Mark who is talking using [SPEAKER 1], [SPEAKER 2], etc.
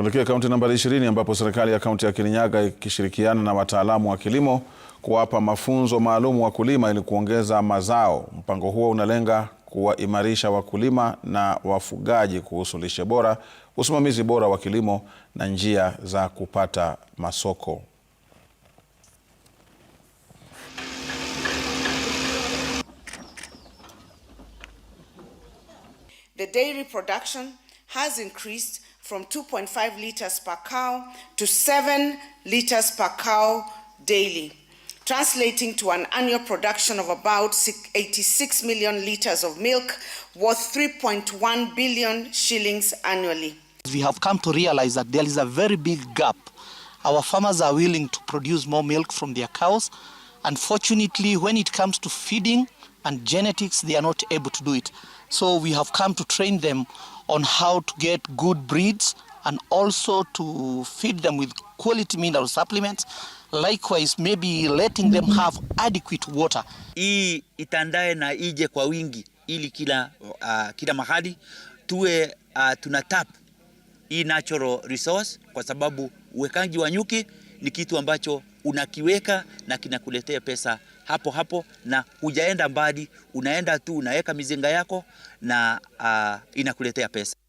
[SPEAKER 1] Tuelekea kaunti nambari 20 ambapo serikali ya kaunti ya Kirinyaga ikishirikiana na wataalamu wa kilimo kuwapa mafunzo maalum wakulima ili kuongeza mazao. Mpango huo unalenga kuwaimarisha wakulima na wafugaji kuhusu lishe bora, usimamizi bora wa kilimo na njia za kupata masoko.
[SPEAKER 2] The dairy production has increased from 2.5 liters per cow to 7 liters per cow daily, translating to an annual production of about 86 million liters of milk worth 3.1 billion shillings annually.
[SPEAKER 3] We have come to realize that there is a very big gap. Our farmers are willing to produce more milk from their cows. Unfortunately, when it comes to feeding and genetics, they are not able to do it. So we have come to train them on how to get good breeds and also to feed them with quality mineral supplements likewise maybe letting them have adequate water.
[SPEAKER 4] Hii itandae na ije kwa wingi ili kila, uh, kila mahali tuwe uh, tuna tap hii natural resource, kwa sababu uwekaji wa nyuki ni kitu ambacho unakiweka na kinakuletea pesa hapo hapo, na hujaenda mbali, unaenda tu unaweka mizinga yako na uh, inakuletea pesa.